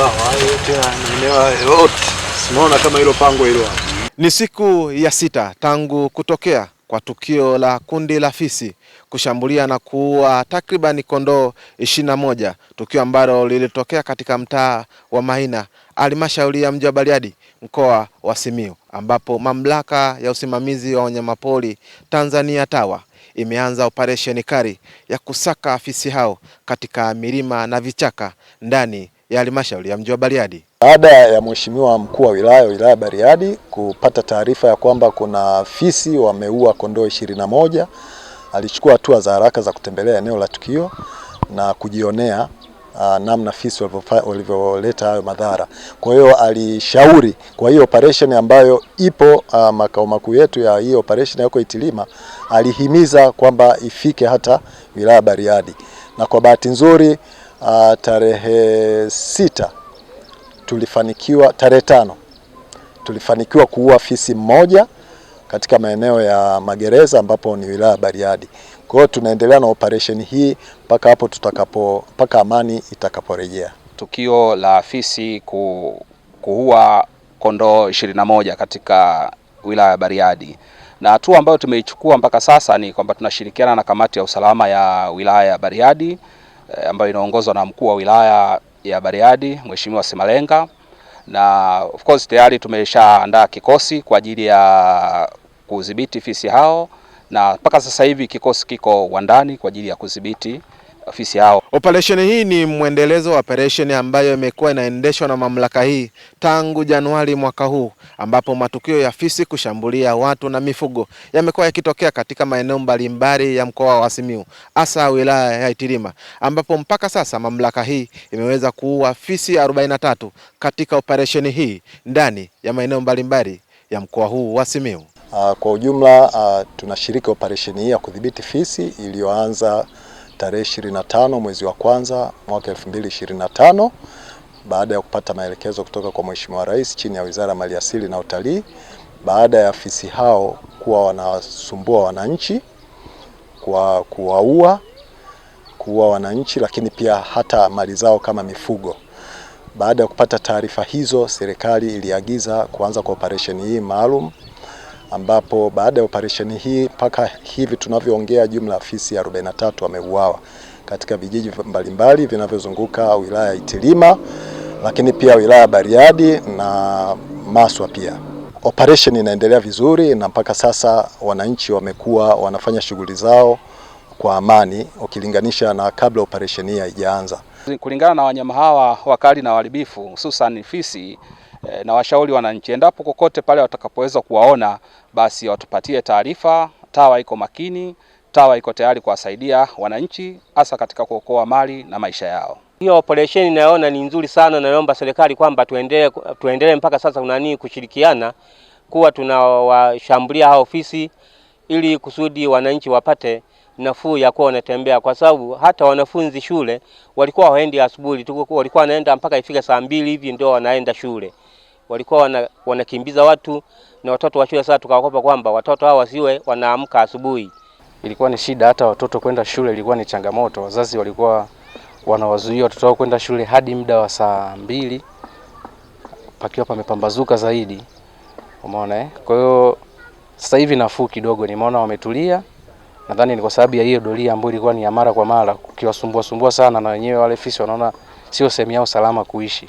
maeneo yote simaona kama hilo pango hilo. Ni siku ya sita tangu kutokea kwa tukio la kundi la fisi kushambulia na kuua takribani kondoo ishirini na moja, tukio ambalo lilitokea katika mtaa wa Maina, halmashauri ya mji wa Bariadi, mkoa wa Simiyu, ambapo mamlaka ya usimamizi wa wanyamapori Tanzania TAWA imeanza operesheni kali ya kusaka fisi hao katika milima na vichaka ndani ya halmashauri ya mji wa Bariadi. Baada ya mheshimiwa mkuu wa wilaya wilaya ya Bariadi kupata taarifa ya kwamba kuna fisi wameua kondoo ishirini na moja, alichukua hatua za haraka za kutembelea eneo la tukio na kujionea ah, namna fisi walivyoleta hayo madhara. Kwa hiyo alishauri kwa hiyo operation ambayo ipo ah, makao makuu yetu ya hii operation yako Itilima, alihimiza kwamba ifike hata wilaya Bariadi, na kwa bahati nzuri uh, tarehe sita tulifanikiwa, tarehe tano tulifanikiwa kuua fisi mmoja katika maeneo ya magereza ambapo ni wilaya ya Bariadi. Kwa hiyo tunaendelea na operesheni hii mpaka hapo tutakapo mpaka amani itakaporejea. Tukio la fisi ku, kuua kondoo 21 katika wilaya ya Bariadi na hatua ambayo tumeichukua mpaka sasa ni kwamba tunashirikiana na kamati ya usalama ya wilaya ya Bariadi Eh, ambayo inaongozwa na mkuu wa wilaya ya Bariadi Mheshimiwa Semalenga, na of course tayari tumeshaandaa kikosi kwa ajili ya kudhibiti fisi hao, na mpaka sasa hivi kikosi kiko wandani kwa ajili ya kudhibiti afisi hao. Operesheni hii ni mwendelezo wa operesheni ambayo imekuwa inaendeshwa na mamlaka hii tangu Januari mwaka huu, ambapo matukio ya fisi kushambulia watu na mifugo yamekuwa yakitokea katika maeneo mbalimbali ya mkoa wa Simiyu, hasa wilaya ya Itilima, ambapo mpaka sasa mamlaka hii imeweza kuua fisi 43 katika operesheni hii ndani ya maeneo mbalimbali ya mkoa huu wa Simiyu. Ah, kwa ujumla, ah, tunashiriki operesheni hii ya kudhibiti fisi iliyoanza tarehe 25 mwezi wa kwanza mwaka 2025 baada ya kupata maelekezo kutoka kwa Mheshimiwa Rais chini ya Wizara ya Maliasili na Utalii, baada ya afisi hao kuwa wanasumbua wananchi kwa kuwaua, kuua wananchi, lakini pia hata mali zao kama mifugo. Baada ya kupata taarifa hizo, serikali iliagiza kuanza kwa operesheni hii maalum ambapo baada ya operesheni hii mpaka hivi tunavyoongea, jumla afisi ya 43 wameuawa katika vijiji mbalimbali vinavyozunguka wilaya ya Itilima, lakini pia wilaya ya Bariadi na Maswa pia. Operesheni inaendelea vizuri na mpaka sasa wananchi wamekuwa wanafanya shughuli zao kwa amani ukilinganisha na kabla operesheni hii haijaanza. Kulingana na wanyama hawa wakali na waharibifu hususan fisi e, na washauri wananchi, endapo kokote pale watakapoweza kuwaona, basi watupatie taarifa. TAWA iko makini, TAWA iko tayari kuwasaidia wananchi, hasa katika kuokoa mali na maisha yao. Hiyo operesheni naona ni nzuri sana, naomba serikali kwamba tuendelee tuendelee mpaka sasa kuna nini kushirikiana kuwa tunawashambulia hao ofisi ili kusudi wananchi wapate nafuu ya kuwa wanatembea, kwa sababu hata wanafunzi shule walikuwa waendi asubuhi, walikuwa wanaenda mpaka ifike saa mbili hivi ndio wanaenda shule walikuwa wana, wanakimbiza watu na watoto wa shule. Sasa tukawakopa kwamba watoto hao wasiwe wanaamka asubuhi. Ilikuwa ni shida, hata watoto kwenda shule ilikuwa ni changamoto. Wazazi walikuwa wanawazuia watoto wao kwenda shule hadi muda wa saa mbili pakiwa pamepambazuka zaidi, umeona eh. Kwa hiyo sasa hivi nafuu kidogo, nimeona wametulia. Nadhani ni kwa sababu ya hiyo doria ambayo ilikuwa ni ya mara kwa mara, ukiwasumbua sumbua sana, na wenyewe wale fisi wanaona sio sehemu yao salama kuishi.